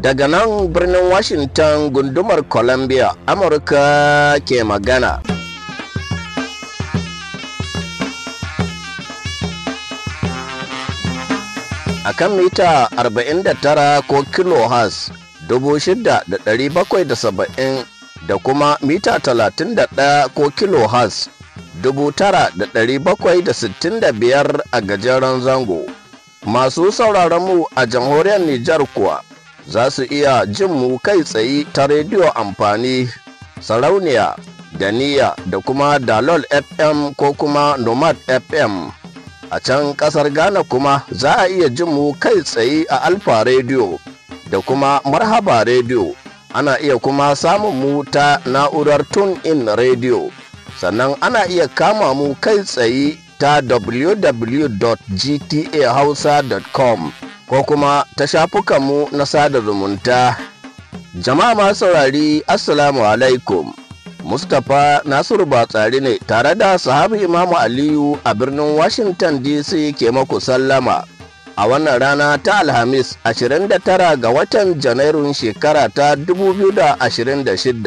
daga nan birnin washington gundumar columbia amurka ke magana a kan mita 49 ko kilohertz 6,770 da kuma mita 31 ko kilohertz 9,765 a gajeren zango masu sauraron mu a jamhuriyar Nijar kuwa za su iya jin mu kai tsaye ta rediyo amfani sarauniya da da kuma dalol fm ko kuma nomad fm a can kasar ghana kuma za a iya jin mu kai tsaye a alfa rediyo da kuma marhaba rediyo ana iya kuma samun mu ta na'urar tun in rediyo sannan ana iya kama mu kai tsaye ta www.gtahausa.com ko kuma ta shafukanmu na sada zumunta. Jama'a masu saurari Assalamu alaikum. Mustapha Nasiru Batsari ne tare da sahabi Imamu Aliyu a birnin Washington DC ke maku sallama. A wannan rana ta Alhamis 29 ga watan Janairun shekara ta 2026.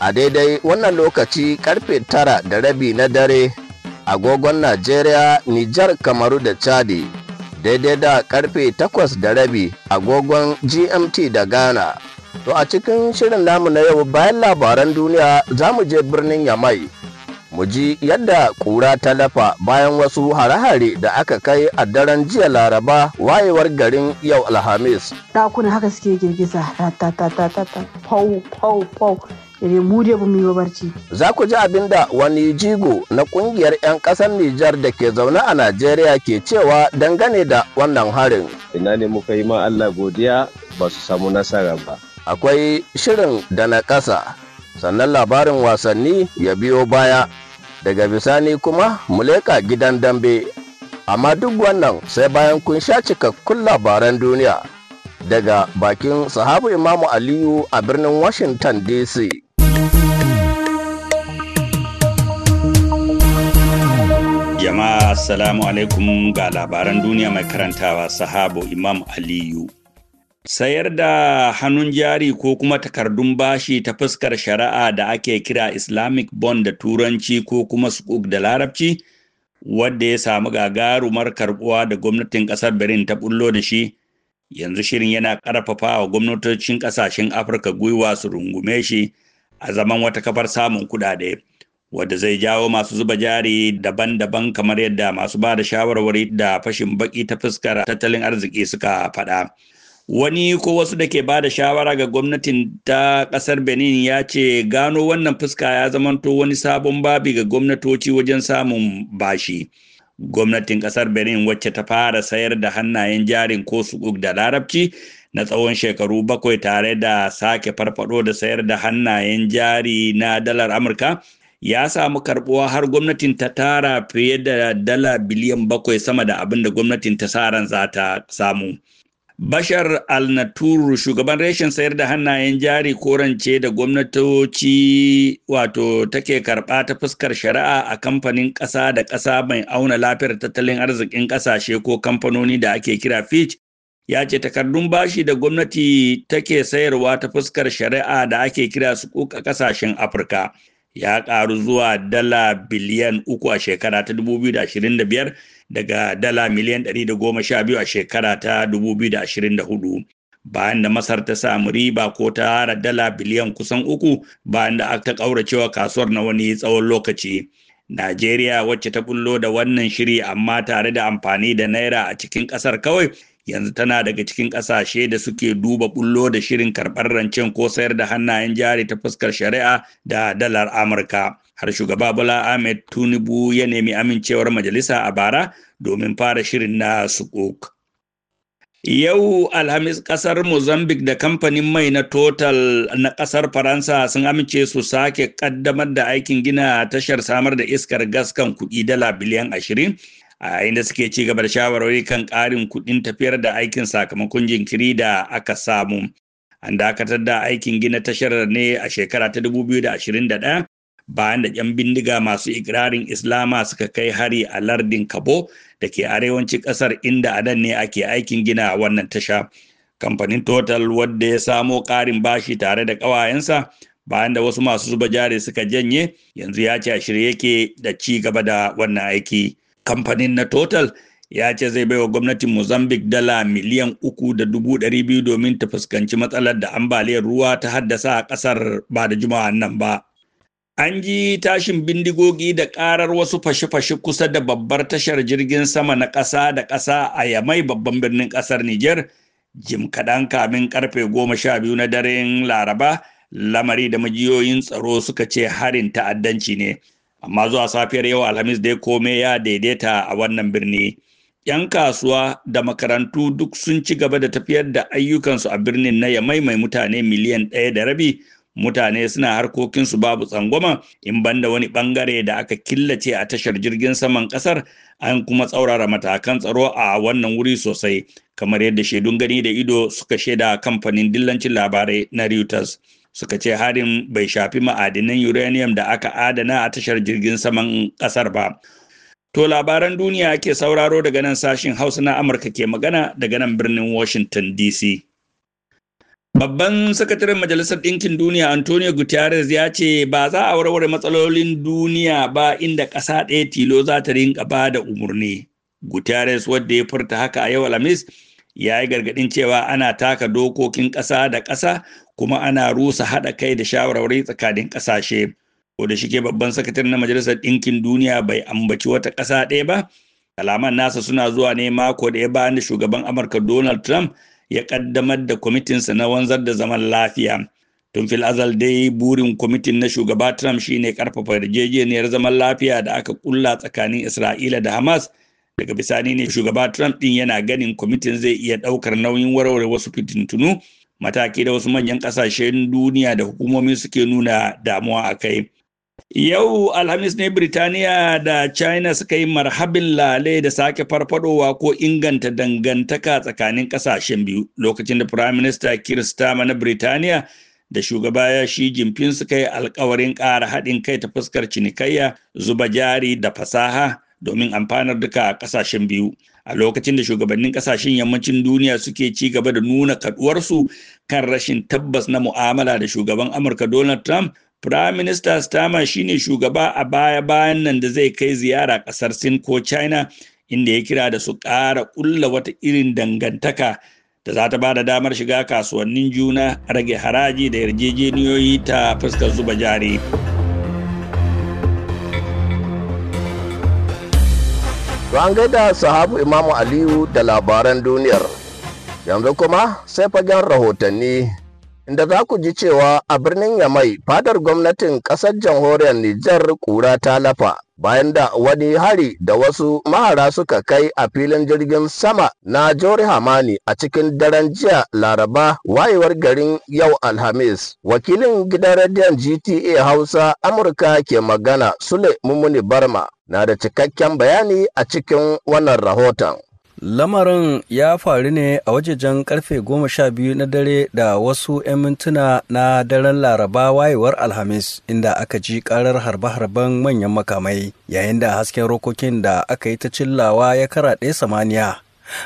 A daidai wannan lokaci karfe tara da rabi na dare agogon Najeriya, Nijar, Kamaru da Chadi. daidai da karfe takwas da rabi agogon gmt da ghana to a cikin shirin namu na yau bayan labaran duniya za mu je birnin yamai mu ji yadda kura ta lafa bayan wasu hare-hare da aka kai a daren jiya laraba wayewar garin yau alhamis ɗakuna haka suke girgiza ta ta ta ta ta pau pau pau dai mu mu barci. Za ku ji abin da wani jigo na kungiyar 'yan ƙasar Nijar da ke zaune a Najeriya ke cewa dangane da wannan harin. Ina ne muka yi ma Allah godiya ba su samu nasara ba. Akwai shirin da na ƙasa, sannan labarin wasanni ya biyo baya. Daga bisani kuma mu leƙa gidan dambe. Amma duk wannan sai bayan kun sha cikakkun labaran duniya. Daga bakin sahabu Imamu Aliyu a birnin Washington DC. Assalamu alaikum ga labaran duniya mai karantawa sahabo Imam Aliyu. Sayar da hannun jari ko kuma takardun bashi ta fuskar shari'a da ake kira Islamic bond da Turanci ko kuma sukuk da Larabci, wadda ya samu gagarumar karbuwa da gwamnatin ƙasar Birin ta bullo da shi, yanzu shirin yana ƙarfafa wa gwamnatocin ƙasashen Afirka gwiwa su rungume shi a zaman wata kafar samun kuɗaɗe. wadda zai jawo masu zuba jari daban-daban kamar yadda masu ba da shawarwari da fashin baki ta fuskar tattalin arziki suka faɗa. Wani ko wasu da ke ba da shawara ga gwamnatin ta ƙasar Benin ya ce gano wannan fuska ya zamanto wani sabon babi ga gwamnatoci wajen samun bashi. Gwamnatin ƙasar Benin wacce ta fara sayar da hannayen jarin ko sukuk da larabci na tsawon shekaru bakwai tare da sake farfado da sayar da hannayen jari na dalar Amurka ya samu karbuwa har gwamnatin ta tara fiye da dala biliyan bakwai sama da abin da gwamnatin ta sa ran za ta samu. Bashar Alnaturu shugaban reshen sayar da hannayen jari korance da gwamnatoci wato take karɓa ta fuskar shari'a a kamfanin ƙasa da ƙasa mai auna lafiyar tattalin arzikin ƙasashe ko kamfanoni da ake kira Fitch ya ce takardun bashi da gwamnati take sayarwa ta fuskar shari'a da ake kira su ƙasashen Afirka. ya ƙaru zuwa dala biliyan uku a shekara ta 2025 daga dala miliyan 112 a shekara ta 2024 bayan da masar ta samu riba ko ta hara dala biliyan kusan uku bayan da aka ƙauracewa kasuwar na wani tsawon lokaci. Najeriya wacce ta bullo da wannan shiri amma tare da amfani da naira a cikin ƙasar kawai yanzu tana daga cikin ƙasashe da suke duba bullo da shirin karɓar rancen ko sayar da hannayen jari ta fuskar shari'a da dalar amurka har shugaba Bala ahmed tinubu ya nemi amincewar majalisa a bara domin fara shirin na sukuk Yau Alhamis kasar Mozambique da kamfanin mai na Total na kasar Faransa sun amince su sake kaddamar da aikin gina tashar samar da iskar gas kan kuɗi dala biliyan ashirin a inda suke ci gaba da shawarwari kan ƙarin kuɗin tafiyar da aikin sakamakon jinkiri da aka samu an dakatar da aikin gina tashar ne a shekara ta 2021 bayan da 'yan bindiga masu ikirarin islama suka kai hari a lardin kabo da ke arewacin ƙasar inda a nan ne ake aikin gina wannan tasha kamfanin total wadda ya samo ƙarin bashi tare da ƙawayensa bayan da wasu masu zuba jari suka janye yanzu ya ce a shirye yake da ci gaba da wannan aiki. kamfanin na total ya ce zai baiwa gwamnatin mozambique dala miliyan uku da dubu ɗari biyu domin ta fuskanci matsalar da ambaliyar ruwa ta haddasa a ƙasar ba da juma'a nan ba an ji tashin bindigogi da ƙarar wasu fashe-fashe kusa da babbar tashar jirgin sama na ƙasa da ƙasa a yamai babban birnin ƙasar niger jim kaɗan kamin karfe goma sha biyu na daren laraba lamari da majiyoyin tsaro suka ce harin ta'addanci ne amma zuwa safiyar yau alhamis dai kome ya daidaita a wannan birni yan kasuwa da makarantu duk sun ci gaba da tafiyar da ayyukansu a birnin na yamai mai mutane miliyan ɗaya da rabi mutane suna harkokinsu babu tsangwama in banda wani bangare da aka killace a tashar jirgin saman kasar an kuma tsaurara matakan tsaro a wannan wuri sosai kamar yadda shaidun gani da ido suka shaida kamfanin dillancin labarai na reuters suka ce harin bai shafi ma'adinan uranium da aka adana a tashar jirgin saman ƙasar ba to labaran duniya ke sauraro daga nan sashin hausa na amurka ke magana daga nan birnin washington dc Babban sakataren Majalisar Ɗinkin Duniya Antonio Guterres ya ce ba za a warware matsalolin duniya ba inda ƙasa ɗaya tilo za ta rinka ba da umarni. Guterres wadda ya furta haka a yau Alhamis ya yi gargaɗin cewa ana taka dokokin ƙasa da ƙasa kuma ana rusa haɗa kai da shawarwari tsakanin ƙasashe ko da shike babban sakataren na majalisar ɗinkin duniya bai ambaci wata ƙasa ɗaya ba kalaman nasa suna zuwa ne mako da ya bayan da shugaban amurka donald trump ya ƙaddamar da kwamitinsa na wanzar da zaman lafiya tun fil azal dai burin kwamitin na shugaba trump shine karfafa yarjejeniyar zaman lafiya da aka kulla tsakanin isra'ila da hamas daga bisani ne shugaba trump din yana ganin kwamitin zai iya daukar nauyin warware wasu fitintunu mataki da wasu manyan ƙasashen duniya da hukumomi suke nuna damuwa a kai. Yau Alhamis ne Birtaniya da China suka yi marhabin lale da sake farfadowa ko inganta dangantaka tsakanin kasashen biyu lokacin da Prime Minister Keir na Birtaniya da shugaba ya shi jimfin suka yi alkawarin ƙara haɗin kai ta fuskar cinikayya, zuba jari da fasaha domin amfanar duka kasashen biyu. a lokacin da shugabannin kasashen yammacin duniya suke ci gaba da nuna kaduwarsu kan rashin tabbas na mu'amala da shugaban amurka donald trump Prime Minister Starmer shine shugaba a baya-bayan nan da zai kai ziyara kasar Sin ko China inda ya kira da su ƙara ƙulla wata irin dangantaka da za ta ba da damar shiga kasuwannin juna rage haraji da yarjejeniyoyi ta fuskar zuba jari. To an sahabu Imamu Aliyu da labaran duniyar. Yanzu kuma sai fagen rahotanni inda za ku ji cewa a birnin Yamai fadar gwamnatin ƙasar jamhuriyar Nijar kura ta lafa bayan da wani hari da wasu mahara suka kai a filin jirgin sama na Jori Hamani a cikin daren jiya Laraba wayewar garin yau Alhamis. Wakilin gidan rediyon GTA Hausa Amurka ke magana Sule Mumuni Barma na da cikakken bayani a cikin wannan rahoton. Lamarin ya faru ne a wajejen karfe goma sha biyu na dare da wasu 'yan mintuna na daren laraba wayewar Alhamis inda aka ji karar harbe-harben manyan makamai yayin da hasken rokokin da aka yi ta cillawa ya karaɗe samaniya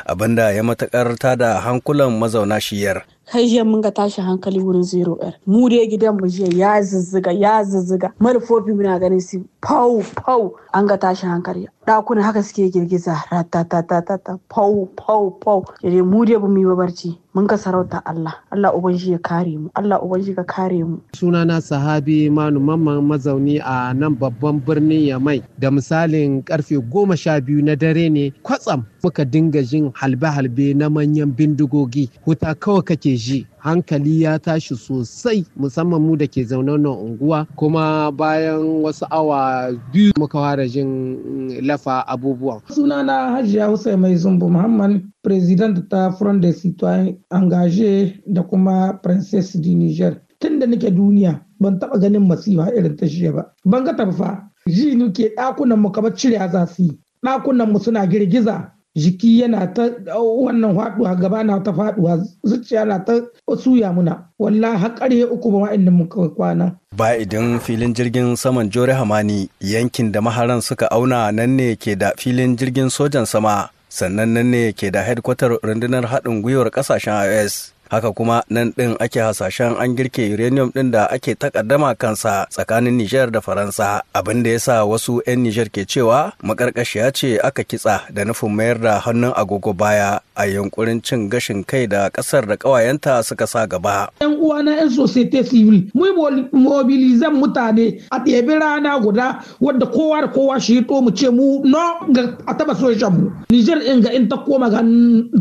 abinda ya matakar da hankulan mazauna shiyar. kai jiya mun ga tashi hankali wurin zero air mu dai gidan mu jiya ya zuzzuga ya zuzzuga manufofi muna ganin su pau pau an ga tashi hankali dakuna haka suke girgiza ratatatata pau pau pau mu dai bamu yi barci mun ka sarauta Allah Allah ubangiji ya kare mu Allah ubangiji ka kare mu sunana sahabi manu mamman mazauni a nan babban birnin Yamai da misalin karfe goma sha biyu na dare ne kwatsam muka dinga jin halbe-halbe na manyan bindigogi huta kawai kake ji hankali ya tashi sosai musamman mu da ke zaune nan unguwa kuma bayan wasu awa biyu muka fara jin mm, lafa abubuwan. sunana hajiya hussein mai zumbu muhammad president ta front de citoyen engage da kuma princess di niger tun da nake duniya ban taba ganin masifa irin ta shiya ba ban ga tarfa ji nuke ɗakunan mu kamar cire za su ɗakunan mu suna girgiza jiki yana ta wannan faduwa gaba na ta faduwa zuciya na ta suya muna wallahi har ya uku ba wa'annan muka kwana ba idan filin jirgin saman jore hamani yankin da maharan suka auna nan ne ke da filin jirgin sojan sama sannan nan ne ke da hedkwatar rundunar haɗin gwiwar ƙasashen is haka kuma nan ɗin ake hasashen an girke uranium ɗin da ake takaddama kansa tsakanin nijar da faransa abin da ya sa wasu 'yan nijar ke cewa makarkashiya ce aka kitsa da nufin mayar da hannun agogo baya a yunkurin cin gashin kai da kasar da kawayenta suka sa gaba. 'Yan uwa na 'yan societe civil mu mobilizan mutane a ɗebi rana guda wadda kowa da kowa shi to mu ce mu no ga a taba sojan mu. Nijar in ga in ta koma ga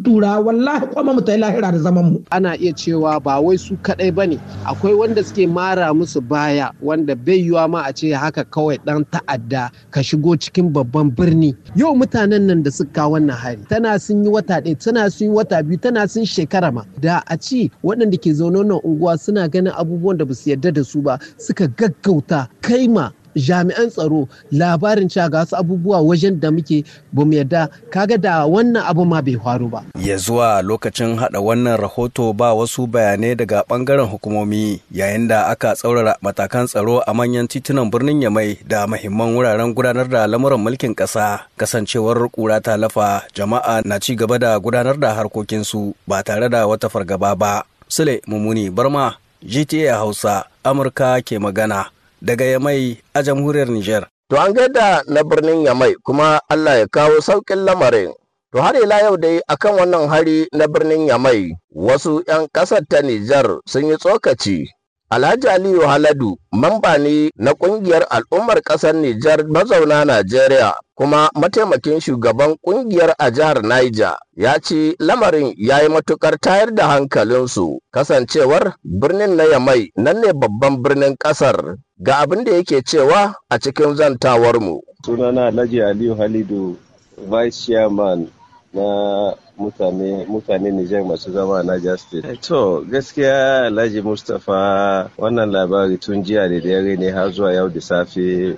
tura wallahi kwama mu ta yi lahira da zaman mu. Ana iya cewa ba wai su kaɗai ba ne akwai wanda suke mara musu baya wanda bai yiwa ma a ce haka kawai ɗan ta'adda ka shigo cikin babban birni. Yau mutanen nan da suka kawo wannan hari tana sun yi wata ɗaya tana sun wata biyu tana sun shekara ma da a ci waɗanda ke zaune nan unguwa suna ganin abubuwan da ba su yarda da su ba suka gaggauta kaima. jami'an tsaro labarin cewa ga wasu abubuwa wajen da muke ba mu yarda kaga da wannan abu ma bai faru ba ya zuwa lokacin hada wannan rahoto ba wasu bayanai daga bangaren hukumomi yayin da aka tsaurara matakan tsaro a manyan titunan birnin yamai da mahimman wuraren gudanar da lamuran mulkin kasa kasancewar kura ta lafa jama'a na ci gaba da gudanar da harkokinsu ba tare da wata fargaba ba sule mummuni barma gta hausa amurka ke magana daga Yamai a jamhuriyar Nijar. To an gaida na birnin Yamai kuma Allah ya kawo sauƙin lamarin. To har ila yau dai akan wannan hari na birnin Yamai wasu 'yan ƙasar ta Nijar sun yi tsokaci Alhaji Aliyu Haladu mamba ne na ƙungiyar al'ummar ƙasar Nijar mazauna Najeriya kuma mataimakin shugaban ƙungiyar a jihar Niger ya ce lamarin ya yi matukar tayar da hankalinsu kasancewar birnin na Yamai nan ne babban birnin ƙasar ga abin da yake cewa a cikin zantawarmu. Sunana Alhaji Aliyu Halidu Vice Chairman na mutane mutane Nijar masu zama a Niger State. To gaskiya Alhaji Mustapha wannan labari tun jiya da dare ne har zuwa yau da safe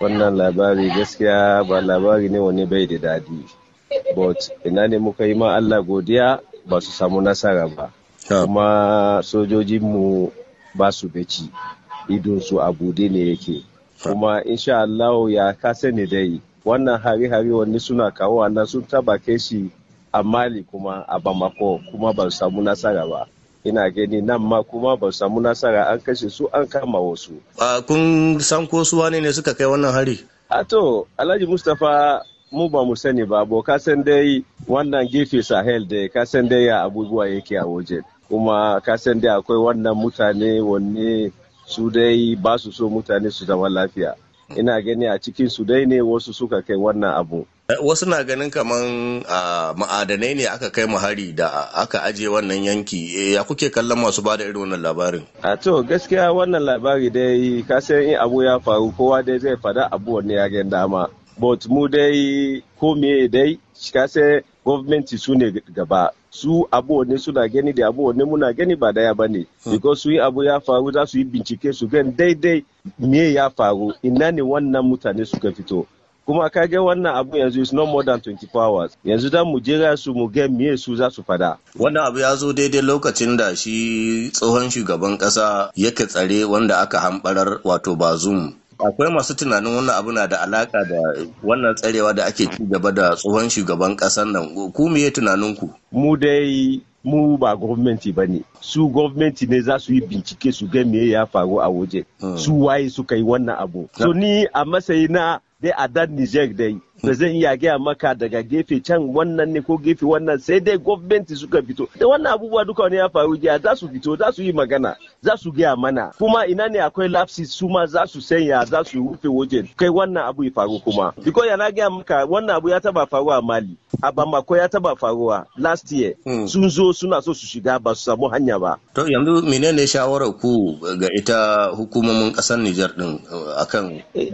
wannan labari gaskiya ba labari ne wani bai da dadi. But ina ne muka yi ma Allah godiya ba su samu nasara ba. Kuma sojojinmu ba su beci su a bude ne yake. Kuma insha Allah ya kasa ne dai wannan hari-hari wani suna kawo nan sun taba kai shi a mali kuma a bamako kuma ba samu nasara ba ina gani nan ma kuma ba samu nasara an kashe su an kama wasu kun san ko su wane ne suka kai wannan hari a to alhaji mustapha mu ba mu sani ba bo ka san dai wannan gefe sahel da ka san dai ya abubuwa yake a waje kuma ka san dai akwai wannan mutane wanne su dai ba su so mutane su zama lafiya ina gani a cikin su dai ne wasu suka kai wannan abu wasu na ganin kaman ma'adanai ne aka kai mu hari da aka aje wannan yanki eh, ya kuke kallon masu bada irin wannan labarin a to gaskiya wannan labari dai kasan in abu ya faru kowa dai zai fada abu wani ya dama but mu dai ko me dai kasan gwamnati su ne gaba su abuwanne suna gani da abuwanne muna gani ba daya ba ne hmm. because su yi abu ya faru za su yi bincike su gan daidai me ya faru ina ne wannan mutane suka fito kuma ka kaga wannan abu yanzu is no more than 24 hours yanzu da mu jira su mu ga miye su za su fada wannan abu ya zo daidai lokacin da shi tsohon shugaban kasa yake tsare wanda aka hambarar wato bazum akwai masu tunanin wannan abu na da alaka da wannan tsarewa da ake ci gaba da tsohon shugaban kasan nan ku miye tunanin ku mu dai mu ba gwamnati ba ne su gwamnati ne za su yi bincike su ga me ya faru a waje hmm. su waye suka yi wannan abu so ni a matsayi na dai a dan Niger dai da zan iya gaya maka daga gefe can wannan ne ko gefe wannan sai dai gwamnati suka fito da wannan abubuwa duka wani ya faru jiya za su fito za su yi magana za su gaya mana kuma ina ne akwai lapsis su ma za su sanya za su rufe wajen kai wannan abu ya faru kuma biko ya na gaya maka wannan abu ya taba faruwa mali a bamako ya taba faruwa last year hmm. sun zo suna so su shiga ba su samu hanya ba to yanzu menene shawarar ku ga ita hukumomin kasar Nijar din eh, akan eh,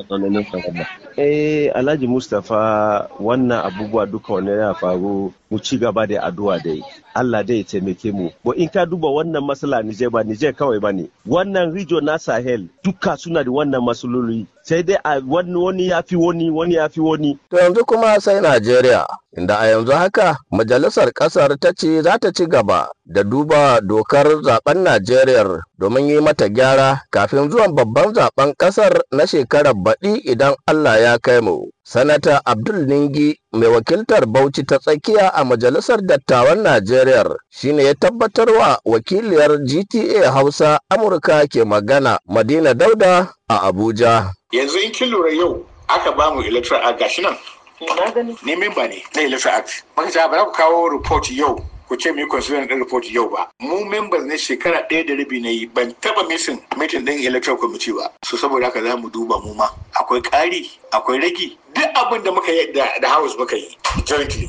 eh Alhaji Mustapha fa wannan abubuwa duka wannan yana faru mu ci gaba da addu'a dai Allah dai ya taimake mu bo in ka duba wannan masala Niger ba Niger kawai ba ne wannan rijo na Sahel duka suna da wannan masaloli sai dai a wani wani ya fi wani wani ya fi wani to yanzu kuma sai Najeriya inda a yanzu haka majalisar kasar ta ce za ta ci gaba da duba dokar zaben Najeriya domin yi mata gyara kafin zuwan babban zaben kasar na shekarar baɗi idan Allah ya kai mu Sanata Abdul Ningi mai wakiltar Bauchi ta tsakiya a Majalisar Dattawan Najeriya shine ya tabbatar wa wakiliyar GTA Hausa Amurka ke magana Madina Dauda a Abuja. Yanzu in kin lura yau aka ba mu electoral act gashi nan. Eh, ne memba ne na electoral act. Maka ba za ku kawo report yau ku ce mu yi considering report yau ba mu members ne shekara ɗaya da rabi na yi ban taba missing meeting din electoral committee ba so saboda haka za mu duba mu ma akwai ƙari akwai ragi duk abin da muka yi da house muka yi jointly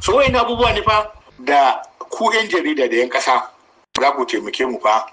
so wayan abubuwa ne fa da ku yan jarida da yan ƙasa za ku taimake mu fa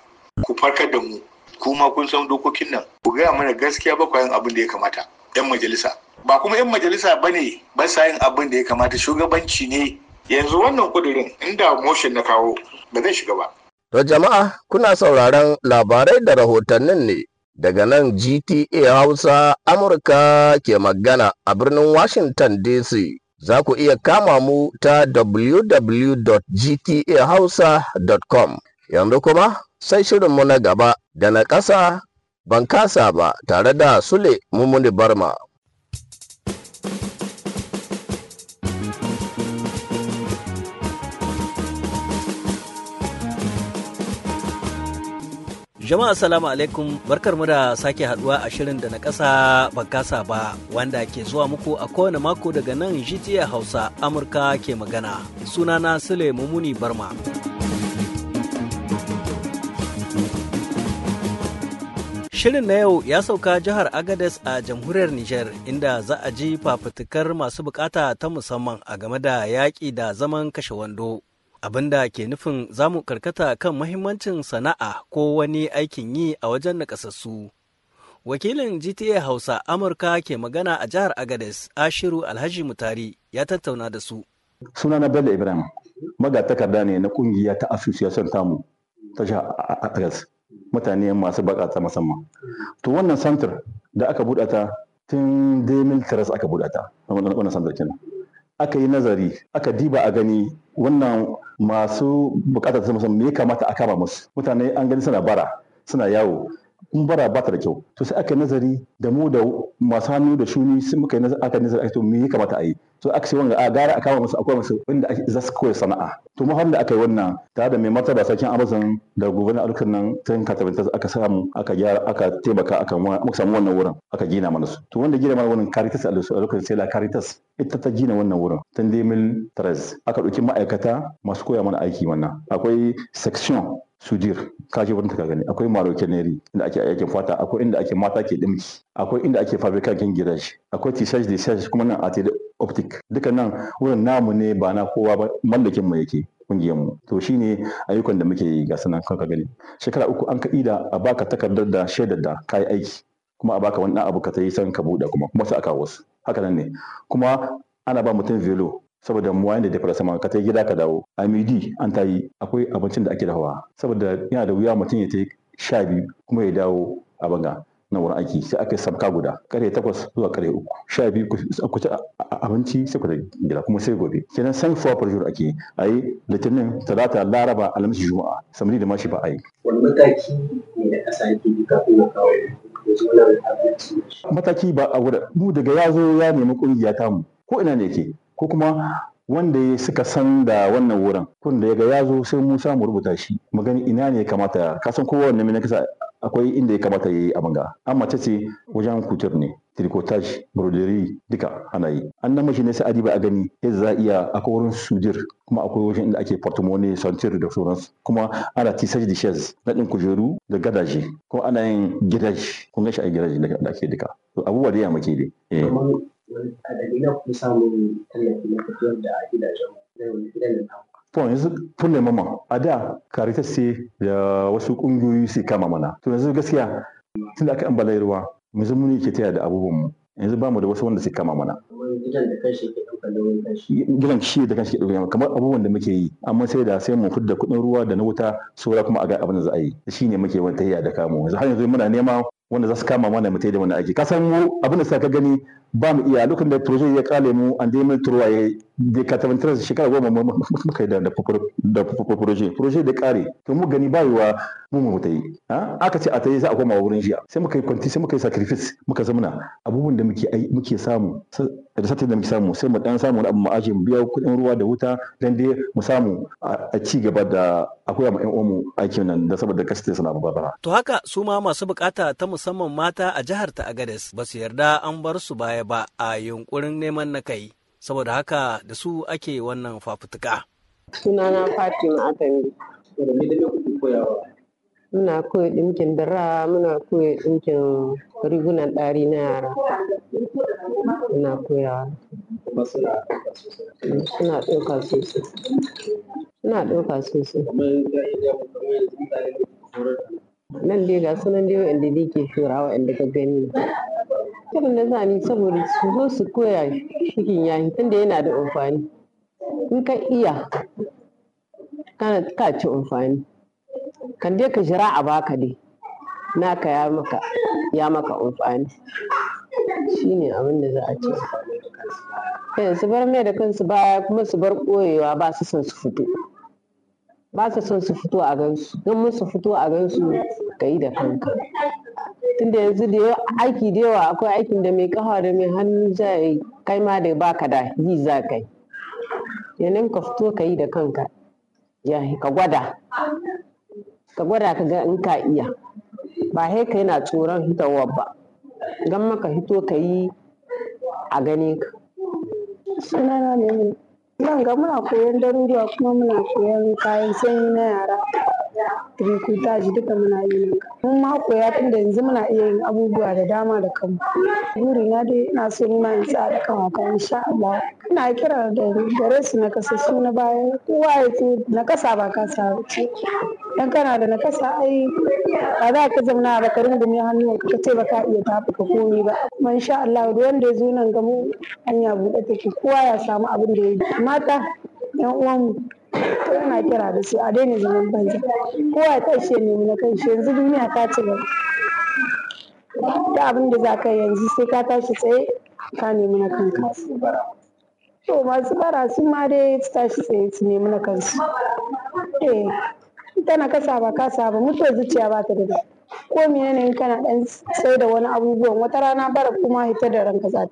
ku farkar da mu kuma kun san dokokin nan ku gaya mana gaskiya bakwayin abin da ya kamata yan majalisa ba kuma yan majalisa ba ne ba sa yin abin da ya kamata shugabanci ne yanzu wannan kudurin inda motion na kawo ba zai shiga ba to jama'a kuna sauraron labarai da rahotannin ne daga nan GTA Hausa Amurka ke magana a birnin Washington DC za ku iya kama mu ta www.gtahausa.com yanzu kuma sai shirinmu na gaba da na ƙasa ban kasa ba tare da Sule Mumuni Barma Jama'a salamu alaikum barkar mu da sake haduwa a shirin da na kasa ba kasa ba wanda ke zuwa muku a kowane mako daga nan jitiya Hausa Amurka ke magana. Sunana Sule Mumuni Barma. Shirin na yau ya sauka jihar Agades a jamhuriyar Nijar inda za a ji fafutukar masu bukata ta musamman a game da yaƙi da zaman kashe wando. Abinda ke nufin zamu karkata kan mahimmancin sana'a ko wani aikin yi a wajen nakasassu. Wakilin GTA Hausa Amurka ke magana a jihar Agades, Ashiru Alhaji Mutari ya tattauna da su. Sunana Bello Ibrahim, magatakarda ne na kungiya ta Association Tamu ta jihar Agades, mutane masu bakata musamman. To wannan santar da aka buɗata tun 2003 aka buɗata, aka yi nazari aka diba a gani wannan masu bukatar su musamman ya kamata a kama musu mutane an gani suna bara suna yawo kun bara ba ta da kyau to sai aka yi nazari da mu da masu hannu da shuni sun muka yi nazari aka nazari to me ya kamata a yi so aka ce wanga a gara a kama musu akwai musu inda za su koya sana'a to mu da aka yi wannan tare da mai martaba sarkin amazon da gobanin alkan nan katabin ta aka samu aka gyara aka taimaka aka muka samu wannan wurin aka gina mana su to wanda gina mana wannan caritas a lokacin sai la caritas ita ta gina wannan wurin tun 2013 aka ɗauki ma'aikata masu koya mana aiki wannan akwai section sudir kaje wurin ka gani akwai marokineri inda ake aikin fata akwai inda ake mata ke dimki akwai inda ake kin gidaje akwai tisaj de kuma nan a optic duka nan wurin namu ne ba na kowa ba mallakin mu yake kungiyar mu to shine ayyukan da muke yi ga sanan kanka gani shekara uku an ka ida a baka takardar da shaidar da kai aiki kuma a baka wani abu ka tayi san ka buɗe kuma kuma sai aka wasu haka nan ne kuma ana ba mutum velo saboda mu wayan da sama ka tayi gida ka dawo amidi an tayi akwai abincin da ake dafawa saboda yana da wuya mutum ya tayi sha biyu kuma ya dawo a banga na wurin aiki sai aka sabka guda kare takwas zuwa kare uku sha biyu ku ci abinci sai ku ta gida kuma sai gobe kenan san fuwa farjur ake a yi litinin talata laraba alhamis juma'a samari da mashi ba a yi. wani mataki ne da ƙasa ke bi kafin ya kawo mataki ba a wurin mu daga ya zo ya nemi ƙungiya mu, ko ina ne ke ko kuma wanda ya suka san da wannan wurin kun da ya ga ya zo sai mu samu rubuta shi magani ina ne kamata ka san kowanne mai na kasa akwai inda ya kamata ya yi a banga. an mace ce wajen kutur ne tricotage broderi duka ana yi an namiji ne sai ba a gani ya za iya akwai wurin sudir kuma akwai wajen inda ake portemone santir da florence kuma ana tisaj da shez na ɗin kujeru da gadaje kuma ana yin gidaje kun gashi a gidaje da ake duka abubuwa da yamma ke dai a dalilan kun samun tallafi na tafiyar da gidajen gidan da to yanzu fulle mama a da karita ce da wasu kungiyoyi sai kama mana to yanzu gaskiya tun da aka ambalai ruwa yanzu mun ke taya da abubuwan mu yanzu ba mu da wasu wanda sai kama mana gidan da kanshi ke ɗaukar nauyin kanshi gidan shi da kanshi ke ɗaukar kamar abubuwan da muke yi amma sai da sai mu fidda kuɗin ruwa da na wuta saura kuma a ga abin da za a yi ne muke wani taya da kamo yanzu har yanzu muna nema wanda za su kama mana mu da wani aiki kasan mu abin da sa ka gani ba mu iya lokacin da proje ya kale mu an dai mil turwa ya da katamantar da shekara goma ka yi da proje proje da kare to mu gani ba yiwa mu mu ta yi aka ce a ta yi za a koma wurin jiya sai muka yi kwanti sai muka yi sacrifice muka zamana abubuwan da muke muke samu da sati da muke samu sai mu dan samu abu mu aje mu biya kuɗin ruwa da wuta dan dai mu samu a ci gaba da akwai ma ƴan uwanmu aikin nan da saboda kasance suna babara to haka su ma masu bukata ta musamman mata a jihar ta Agades ba su yarda an bar su baya baya ba a yunkurin neman na kai saboda haka da su ake wannan fafutuka. Sunana Fatima Atambi. Muna koya ɗinkin dara, muna koya ɗinkin rigunan ɗari na yara. Muna koyawa. Suna ɗauka sosai. Suna ɗauka sosai. nan dai ga sunan dai wa'anda dai ke shura wa'anda ka gani kiran da zani saboda su zo su koya shikin yayi tunda yana da amfani in ka iya ka ci amfani kan dai ka jira a baka dai naka ya maka ya maka amfani shine abin da za a ce yanzu bar mai da kansu baya kuma su bar koyewa ba su son su fito ba su son su fito a gansu don musu fito a gansu ka yi da kanka tunda yanzu da yawa aiki da yawa akwai aikin da mai kafa da mai hannu za yi kai ma da baka da yi za ka yi yanin ka fito ka yi da kanka ya ka gwada ka gwada ka ga in ka iya ba sai ka yana tsoron hitowar ba gan maka hito ka yi a gane ka Nan ga muna koyon daruruwa kuma muna koyon kayan sanyi na yara. ta ji duka muna yi mun ma koya tunda yanzu muna iya yin abubuwa da dama da kanmu buri na dai ina so ni yin tsada kan haka insha Allah ina kira da gare su na kasa su na baya kowa ya ce na kasa ba kasa ce dan kana da na kasa ai ba za ka zauna ba ka rungume hannu ka ce ba ka iya tafi ka komi ba kuma insha Allah duk wanda ya zo nan gamu hanya buɗe take kowa ya samu abin da ya yi mata yan uwanmu to ina kira da su a daina zaman banza kowa ya kashe ne na kanshi yanzu duniya ta ci gaba ta abin da za ka yanzu sai ka tashi tsaye ka nemi na kanka to masu bara sun ma dai su tashi tsaye su nemi na kansu eh tana kasa ba kasa ba mutuwar zuciya ba ta da ko menene kana dan sai da wani abubuwan wata rana bara kuma hita da ranka za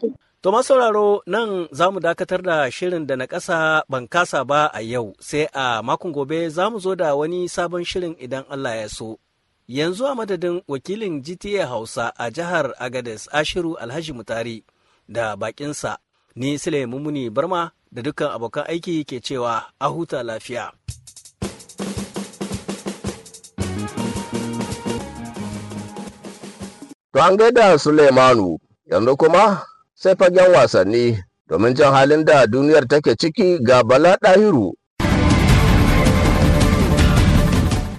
To sauraro nan za mu dakatar da shirin da na ƙasa ban kasa ba a yau sai a makon gobe za mu zo da wani sabon shirin idan Allah ya so. Yanzu a madadin wakilin GTA Hausa a jihar Agades Ashiru Alhaji Mutari da bakinsa ni Sule Mumuni Barma da dukkan abokan aiki ke cewa a huta lafiya. To an gaida Suleimanu yanzu kuma sai fagen wasanni domin jan halin da duniyar take ciki ga bala ɗahiru.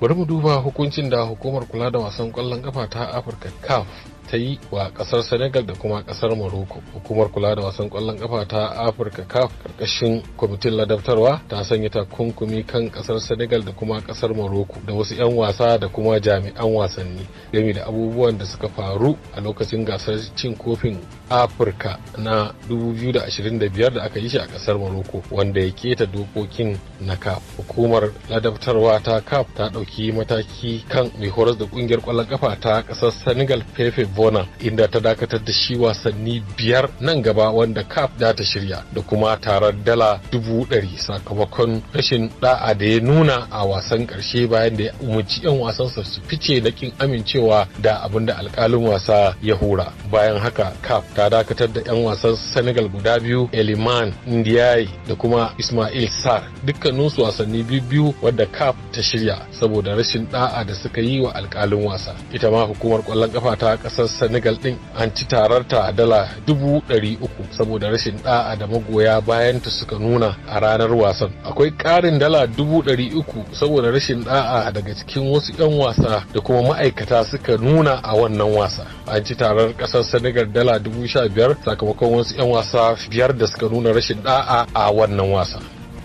Bari mu duba hukuncin da hukumar kula da wasan kwallon kafa ta Afirka CAF ta yi wa kasar senegal da kuma kasar morocco hukumar kula da wasan kwallon kafa ta afirka caf karkashin kwamitin ladabtarwa ta sanya takunkumi kan kasar senegal da kuma kasar morocco da wasu 'yan wasa da kuma jami'an wasanni game da abubuwan da suka faru a lokacin gasar cin kofin afirka na 2025 da aka yi shi a kasar morocco wanda ya keta dokokin na kaf hukumar ladabtarwa ta kaf ta ɗauki mataki kan mai horas da kungiyar kwallon kafa ta kasar senegal pepe bona inda ta dakatar da shi wasanni biyar nan gaba wanda kaf da ta shirya da kuma tarar dala dubu ɗari sakamakon rashin da'a da ya nuna a wasan ƙarshe bayan da ya umarci 'yan wasansa su fice da kin amincewa da abin da alƙalin wasa ya hura bayan haka kaf ta dakatar da 'yan wasan Senegal guda biyu Eliman Ndiaye da kuma Ismail Sar dukkaninsu wasanni biyu wadda kaf ta shirya saboda rashin da'a da suka yi wa alkalin wasa. Ita ma hukumar kwallon kafa ta kasar Senegal din an ci tararta dala dubu ɗari uku saboda rashin da'a da magoya bayan ta suka nuna a ranar wasan. Akwai ƙarin dala dubu ɗari uku saboda rashin da'a daga cikin wasu 'yan wasa da kuma ma'aikata suka nuna a wannan wasa. An ci tarar ƙasar Senegal dala dubu 2015 sakamakon wasu 'yan wasa biyar da suka nuna rashin da'a a wannan wasa.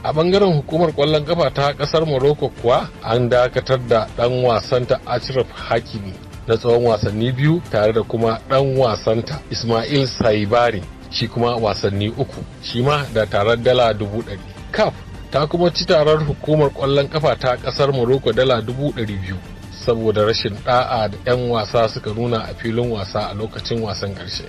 a bangaren hukumar kwallon kafa ta kasar morocco kuwa an dakatar da dan wasanta achraf hakimi na tsawon wasanni biyu tare da kuma dan wasanta ismail saibari shi kuma wasanni uku shi ma da tarar dala dubu ɗari caf ta kuma ci tarar hukumar kwallon kafa ta kasar morocco dala dubu ɗari biyu saboda rashin da'a da 'yan wasa suka nuna a filin wasa a lokacin wasan ƙarshe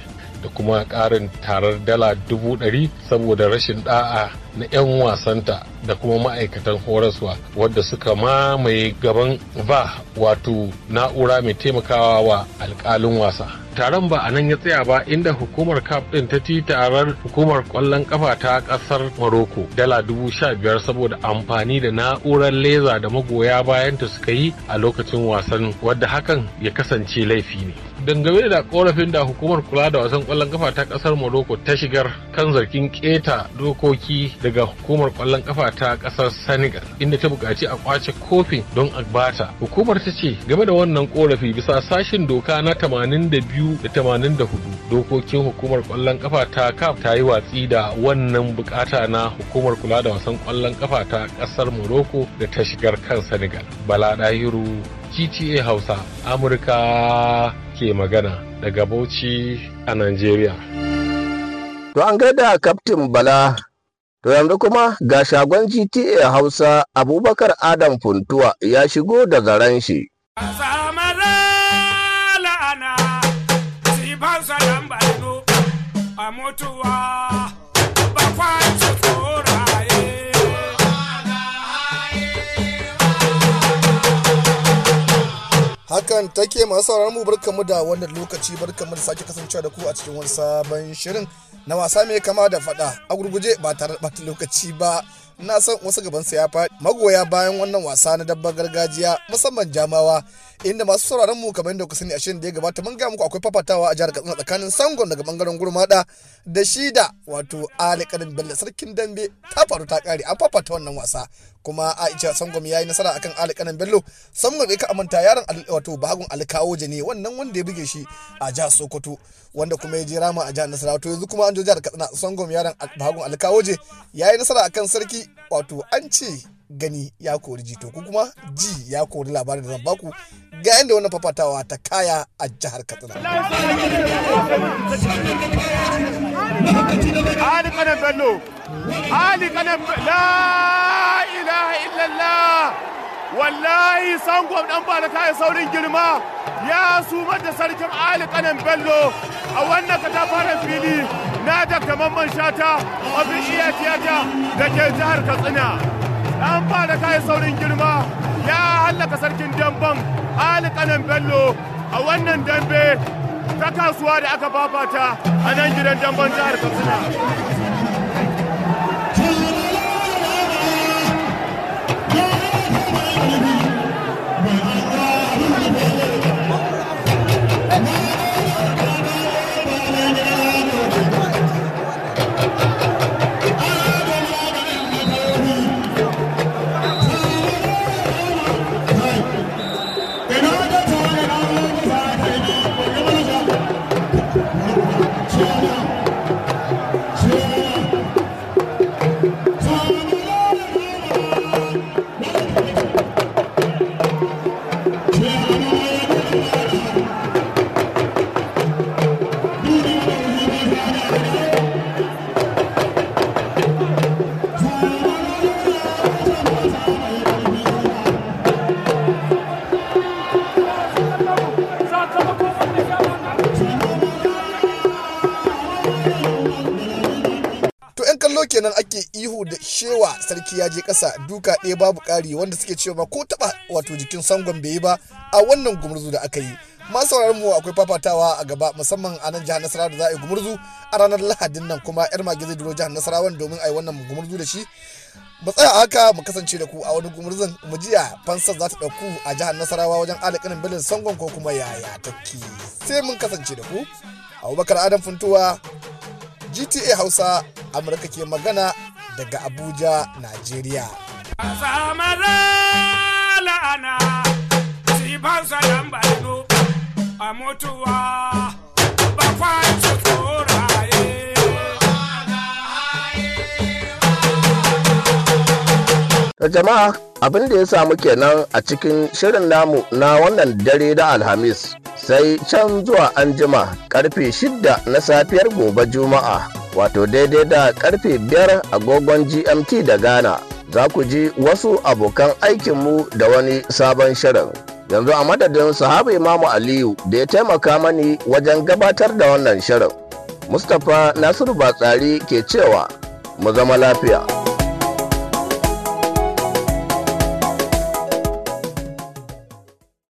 da kuma ƙarin tarar dala dubu ɗari saboda rashin ɗa'a na 'yan wasanta da kuma ma'aikatan horaswa wadda suka mamaye gaban ba wato na'ura mai taimakawa wa alkalin wasa taron ba a nan ya tsaya ba inda hukumar cap ɗin ta ci tarar hukumar kwallon kafa ta ƙasar Maroko, dala dubu sha biyar saboda amfani da na'urar leza da magoya bayanta suka yi a lokacin wasan wadda hakan ya kasance laifi ne dangane da korafin da hukumar kula da wasan kwallon kafa ta kasar morocco ta shigar kan zargin keta dokoki daga hukumar kwallon kafa ta kasar senegal inda ta buƙaci a kwace kofin don a bata hukumar ta ce game da wannan korafi bisa sashin doka na 82 da 84 dokokin hukumar kwallon kafa ta caf ta yi watsi da wannan bukata na hukumar kula da wasan kwallon kafa ta kasar morocco da ta shigar kan senegal bala dahiru gta hausa amurka ke magana daga Bauchi a Najeriya. To an gaida Kaftin Bala, to yanzu kuma ga shagon GTA Hausa Abubakar Adam Funtuwa ya shigo da zaren shi. hakan take masu sauraron mu barkamu da wannan lokaci barkamu da sake kasancewa da ku a cikin wani sabon shirin na wasa mai kama da fada a gurguje ba tare da lokaci ba na san wasu gaban ya faɗi magoya bayan wannan wasa na dabbar gargajiya musamman jamawa inda masu sauraron mu kamar yadda ku sani a shirin da ya gabata mun ga muku akwai fafatawa a jihar Katsina tsakanin Sangon daga bangaren Gurmada da Shida wato Ali Karim Bello sarkin dambe ta faru ta kare an fafata wannan wasa kuma Aisha Sangon yayi nasara akan Ali Karim Bello Sangon da ka amanta yaron wato bahagun Alkawo ne wannan wanda ya buge shi a jihar Sokoto wanda kuma ya je rama a jihar Nasarawa to yanzu kuma an jo jihar Katsina Sangon yaron bahagun Alkawo yayi nasara akan sarki wato an ce gani ya kori ji to kuma ji ya kori labarin da zan baku ga yadda wannan fafatawa ta kaya a jihar katsina ali kanan bello ali kanan la ilaha illallah wallahi sangon dan ba ta yi saurin girma ya sumar da sarkin ali kanan bello a wannan katafaren fili na da kamar man shata ofin iya tiyata da ke jihar katsina an fara kayan saurin girma ya hallaka sarkin damben kanan bello a wannan dambe ta kasuwa da aka fafata a nan gidan damben jihar katsina jiki ya je ƙasa duka ɗaya babu ƙari wanda suke cewa ko taɓa wato jikin sangon bai yi ba a wannan gumurzu da aka yi masu mu akwai fafatawa a gaba musamman a nan jihar nasarawa da za a yi gumurzu a ranar lahadin nan kuma yar mage zai duro jihar nasarawa domin a yi wannan gumurzu da shi mu tsaya haka mu kasance da ku a wani gumurzun mu jiya fansar za ta ɗauku a jihar nasarawa wajen alaƙanin bilin sangon ko kuma yaya takki sai mun kasance da ku abubakar adam funtuwa gta hausa amurka ke magana daga Abuja, Najeriya. a mutuwa jama'a abin da ya samu kenan a cikin shirin namu na wannan dare da Alhamis sai can zuwa anjima karfe shidda na safiyar gobe Juma'a. wato daidai da karfe biyar agogon gmt da ghana za ku ji wasu abokan aikinmu da wani sabon shirin yanzu a madadin sahabu imamu aliyu da ya taimaka mani wajen gabatar da wannan shirin mustapha nasiru batsari ke cewa mu zama lafiya